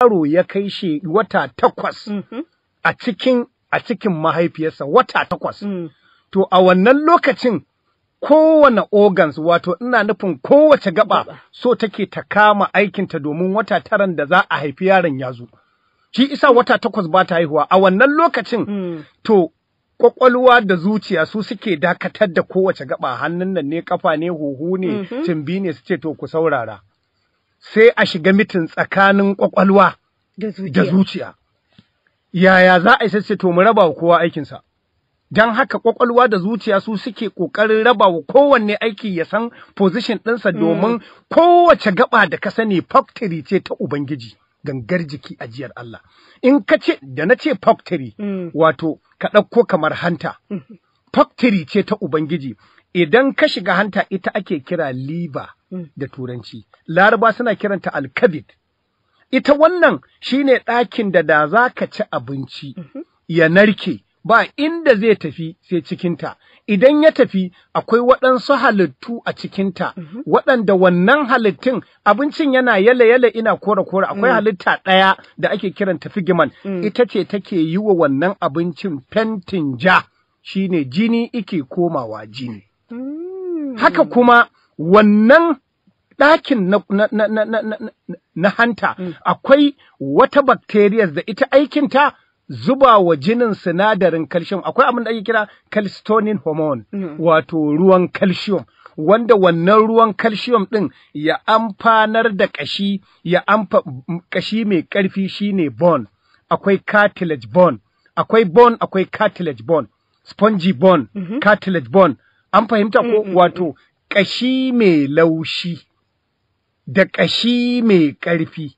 yaro ya kai shi wata takwas mm-hmm. a cikin a cikin mahaifiyarsa wata takwas. Mm. To a wannan lokacin kowane organs wato ina nufin kowace gaba so take ta kama aikinta domin wata taran da za a haifi yaron ya zo. Shi isa wata takwas ba ta haihuwa a wannan lokacin mm. to kwakwalwa da zuciya su suke dakatar da kowace gaba hannun nan ne kafa ne huhu ne cimbi mm-hmm. ne su ce to ku saurara. sai a shiga mitin tsakanin kwakwalwa da zuciya. Yaya za a yi to mu raba wa kowa aikinsa. Don haka kwakwalwa da zuciya su suke ƙoƙarin raba wa kowanne aiki ya san position ɗinsa mm. domin kowace gaba da ka sani factory ce ta Ubangiji gangar jiki ajiyar Allah. In ka ce da na ce factory mm. wato ka ɗauko kamar hanta. Mm. Factory ce ta Ubangiji idan ka shiga hanta ita ake kira liver mm. da turanci laraba suna kiranta alkabid ita wannan shine ɗakin da da za ka ci abinci mm-hmm. ya narke ba inda zai tafi sai cikinta idan ya tafi akwai waɗansu halittu a cikinta mm-hmm. waɗanda wannan halittun abincin yana yale-yale ina kore-kore akwai mm. halitta ɗaya da ake kiranta figiman mm. ita ce take yi wa wannan abincin fentin ja shine jini ike komawa jini haka kuma wannan ɗakin na, na, na, na, na, na, na hanta mm. akwai wata bakteriyas da ita aikinta zuba wa jinin sinadarin calcium akwai abin da ake kira calcitonin hormone mm. wato ruwan calcium wanda wannan ruwan calcium ɗin ya amfanar da ƙashi ya amfa mm, ƙashi mai ƙarfi shine bone akwai cartilage bone akwai bone akwai cartilage bone spongy bone mm-hmm. cartilage bone an fahimta ko wato ƙashi mai laushi da ƙashi mai ƙarfi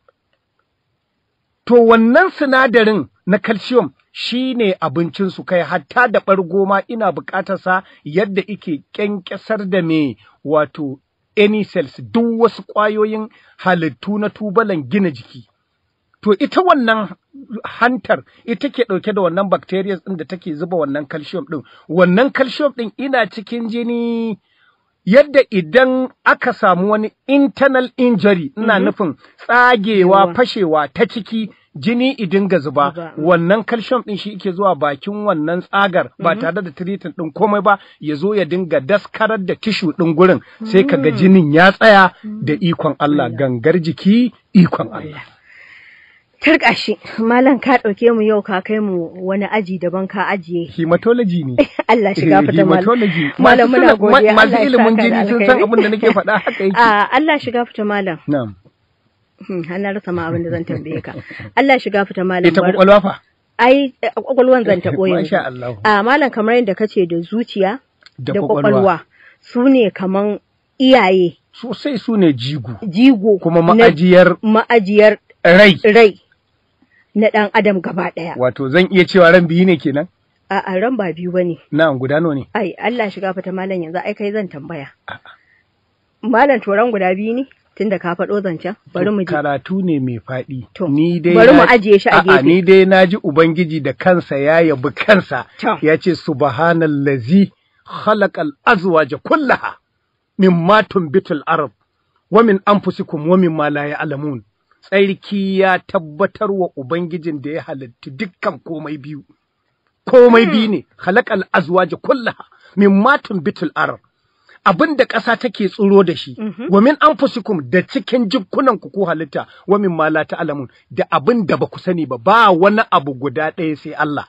to wannan sinadarin na calcium shi ne abincinsu kai hatta da ɓargo ma ina buƙatarsa yadda ike ƙyanƙyasar da mai, wato any cells duk wasu ƙwayoyin halittu na tubalan gina jiki to ita wannan hantar ita ke ɗauke da wannan bacteria ɗin da take zuba wannan calcium ɗin wannan calcium ɗin ina cikin jini yadda idan aka samu wani internal injury ina mhm. nufin tsagewa fashewa ta ciki jini idin ga zuba wannan calcium ɗin shi ke zuwa bakin wannan tsagar ba mhm. tare da treatment ɗin komai ba ya zo ya dinga daskarar da tishu ɗin gurin sai kaga mm. jinin ya tsaya mm. da ikon Allah gangar jiki ikon Allah turka shi malam ka ɗauke mu yau ka kai mu wani aji daban ka ajiye hematology ne Allah shiga eh, fita hematology malam muna godiya masu ilimin jini sun san abin da nake faɗa haka yake ah, Allah shiga fita malam na'am hmm, hana rasa ma abin da zan tambaye ka Allah shiga fita malam ita kwakwalwa fa ai eh, kwakwalwan zan taɓo yanzu masha Allah ah, malam kamar yadda ce da zuciya da kwakwalwa su ne kaman iyaye sosai su ne jigo jigo kuma ma'ajiyar ma'ajiyar rai rai na ɗan adam gaba ɗaya. Wato zan iya cewa ran biyu ne kenan? A'a ran ba biyu bane. guda nawa ne? Ai Allah shiga fata malam yanzu ai kai zan tambaya. Malam turan guda biyu ne? Tunda ka faɗo zancen bari mu je. Karatu ne mai faɗi. Ni bari mu ajiye shi a gefe. ni dai na ji ubangiji da kansa ya yabi kansa. Ya ce subhanallazi khalaqal azwaja kullaha matun tumbitul arab wamin min anfusikum wa Alamun. la tsarki ya tabbatar wa Ubangijin da ya halitti dukkan komai biyu. Komai biyu ne, halakal azwaja kullaha min matun bitul arar. Abin da ƙasa take tsoro da shi, mhm. wa min anfusikum da cikin jikunan ko halitta, wa min ma la alamun, da abin da ba ku sani ba, ba wani abu guda ɗaya sai Allah.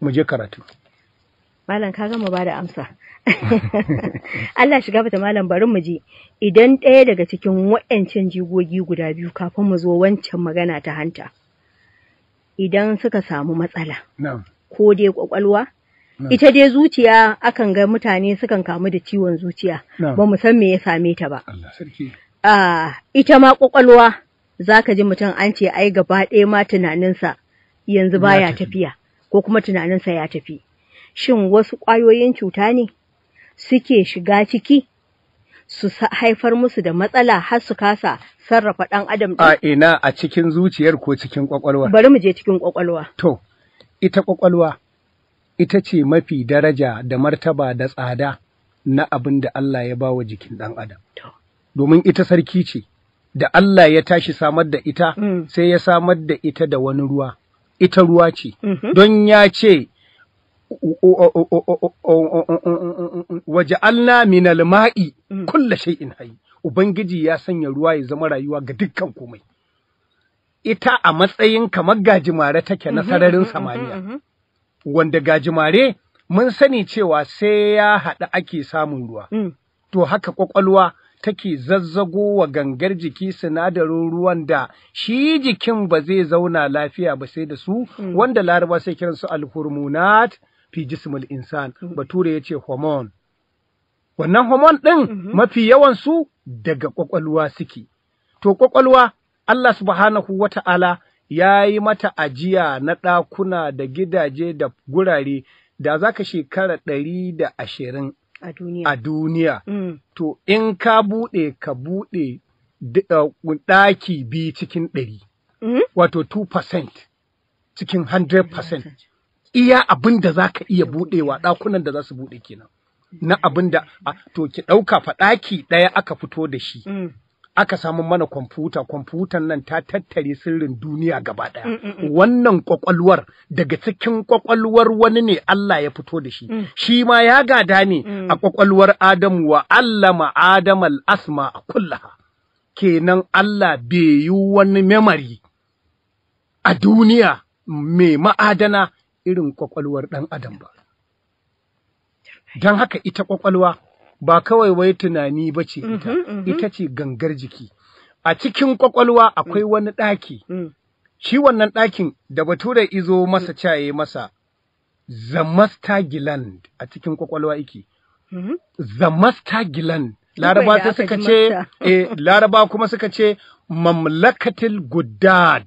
Mu je karatu. malam ka gama ba amsa Allah shiga bata malam bari mu je. idan ɗaya daga cikin waɗancan jigogi guda biyu kafin mu zo wancan magana ta hanta idan suka samu matsala ko dai kwakwalwa ita dai zuciya akan ga mutane sukan kamu da ciwon zuciya ba mu san me ya same ta ba ita ma kwakwalwa ka ji mutum an ce ai gaba ɗaya ma tunaninsa yanzu baya tafiya ko kuma tunaninsa ya tafi shin wasu ƙwayoyin cuta ne suke shiga ciki su haifar musu da matsala har su kasa sarrafa ɗan adam ɗin? a ina a cikin zuciyar ko cikin ƙwaƙwalwa bari mu je cikin ƙwaƙwalwa to ita ƙwaƙwalwa ita ce mafi daraja da martaba da tsada na abin da Allah ya ba wa jikin ɗan adam domin ita sarki ce da Allah ya tashi samar da ita mm. sai ya samar da ita da wani ruwa ita ruwa ce mm-hmm. don ya ce waja'alna minal ma'i kulla shay'in hayy ubangiji ya sanya ruwa ya zama rayuwa ga dukkan komai ita a matsayin kamar gajimare take na mhm, sararin mhm, mhm, samaniya wanda gajimare mun sani cewa sai ya haɗa ake samun ruwa mm. to haka kwakwalwa take zazzago wa gangar jiki sinadarin ruwan da shi jikin ba zai zauna lafiya ba sai da su mm. wanda laraba sai kiransu alhormonat fi jismul insan hmm. bature ya ce hormone wannan hormone ɗin mm-hmm. mafi yawan su daga ƙwaƙwalwa suke to ƙwaƙwalwa Allah subhanahu wa ta'ala ya yi mata ajiya na ɗakuna da gidaje da gurare da za ka shekara ɗari da ashirin a duniya. Mm. To, in ka buɗe, ka buɗe uh, ɗaki bi biyu cikin ɗari, mm-hmm. wato 2% cikin 100%. iya abin da za ka iya buɗewa ɗakunan da za su buɗe kenan. Na abin da, to ki ɗauka faɗaki ɗaya aka fito da shi. Mm. aka samu mana kwamfuta kwamfutan nan ta tattare sirrin duniya gaba ɗaya mm, mm, wannan kwakwalwar daga cikin kwakwalwar wani ne Allah ya fito da shi shi ma ya gada ne a kwakwalwar Adamu wa allama Adamal asma a kullaha kenan Allah bai yi wani memari a duniya mai ma'adana irin kwakwalwar ɗan adam ba. Don haka ita kwakwalwa ba kawai wai tunani ba ce ita, mm-hmm, mm-hmm. ita ce gangar jiki. A cikin kwakwalwa akwai mm. wani ɗaki, mm. shi wannan ɗakin da bature izo masa mm. caye masa the master gland a cikin kwakwalwa iki. Mm-hmm. The master gland Laraba ta suka ce, eh, Laraba kuma suka ce, mamlakatil guddad,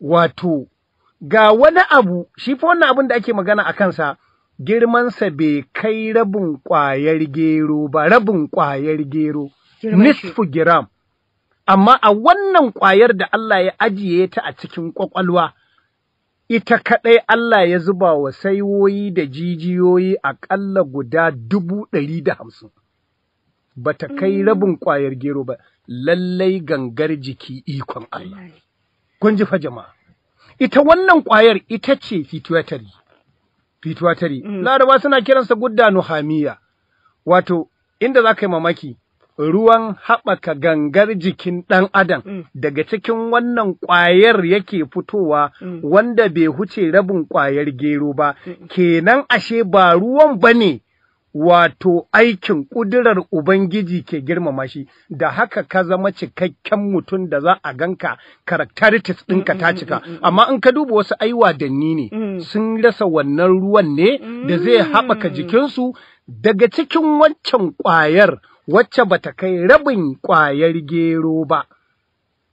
wato ga wani abu shi fa wannan abin da ake magana a kansa girmansa bai kai rabin ƙwayar gero ba rabin ƙwayar gero nisfu giram amma a wannan ƙwayar da Allah ya ajiye ta a cikin ƙwaƙwalwa ita kaɗai Allah ya zuba wa saiwoyi da jijiyoyi aƙalla guda dubu ɗari da hamsin ba ta kai mm. rabin ƙwayar gero ba lallai gangar jiki ikon Allah kun ji fa jama'a ita wannan ƙwayar ita ce fituitary mm. laraba suna kiransa gudda nuhamiya wato inda za ka yi mamaki ruwan haɓaka gangar jikin ɗan adam mm. daga cikin wannan ƙwayar yake fitowa mm. wanda bai huce rabin ƙwayar gero ba kenan ashe ba ruwan ba ne wato aikin ƙudurar Ubangiji ke girmama shi, da haka ka zama cikakken mutum da za a ganka characteristics ɗinka ta mm, mm, cika, mm, amma in ka duba wasu aiwa da ne sun rasa wannan ruwan ne da zai haɓaka jikinsu daga cikin waccan ƙwayar wacce ba ta kai rabin ƙwayar gero ba,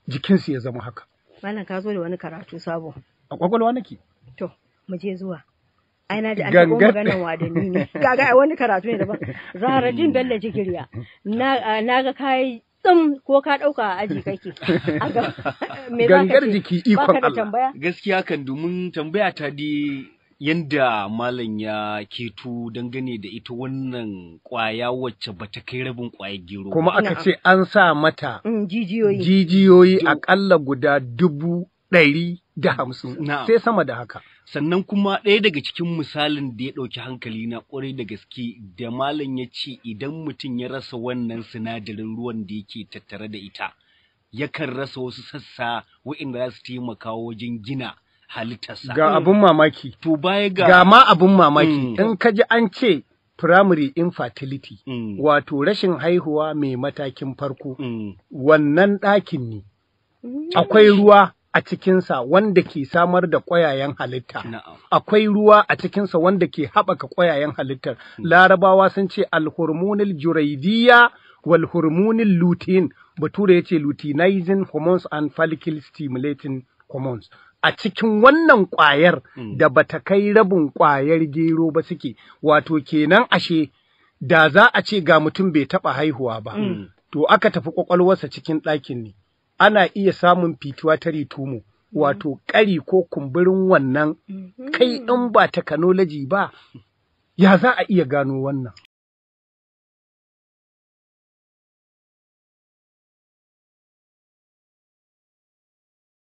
jikinsu ya zama haka. Malam ka zo da wani karatu sabo. A ƙwaƙwalwa nake. To, mu je zuwa. ai na ji an taɓo maganan wadanni ne gaga wani karatu ne daban zahara jin bello jigiriya na ga kayi tsum ko ka ɗauka a aji kake gangar jiki ikon Allah gaskiya kan domin tambaya ta di yanda malam ya keto dangane da ita wannan kwaya wacce ba ta kai rabin kwaya gero kuma aka ce an sa mata mm, jijiyoyi jijiyoyi akalla guda dubu ɗari da hamsin sai sama da haka sannan kuma ɗaya daga cikin misalin da ya ɗauki hankali na ƙwarai da gaske da malam ya ce idan mutum ya rasa wannan sinadarin ruwan da yake tattare da ita yakan rasa wasu sassa waɗanda za su taimaka wajen gina halittarsa. Ga hmm. abin mamaki. To baya ga. Ga ma abin mamaki. Hmm. In ka ji an ce primary infertility, hmm. wato rashin haihuwa mai matakin farko, wannan ɗakin ne. Akwai ruwa a cikinsa wanda ke samar da ƙwayayen halitta. Akwai ruwa a cikinsa wanda ke haɓaka ƙwayayen halitta. Hmm. Larabawa sun ce alhormonal juraidiyya wal hormonal lutein. Bature ya ce luteinizing hormones and follicle stimulating hormones. a cikin wannan ƙwayar hmm. da ba ta kai rabin ƙwayar gero ba suke, wato kenan ashe da za a ce ga mutum bai taɓa haihuwa ba, hmm. to aka tafi ƙwaƙwalwarsa cikin ɗakin ne. ana iya samun fituwa ta ritumo mm-hmm. wato ƙari ko kumburin wannan mm-hmm. kai in ba takanoloji ba ya za a iya gano wannan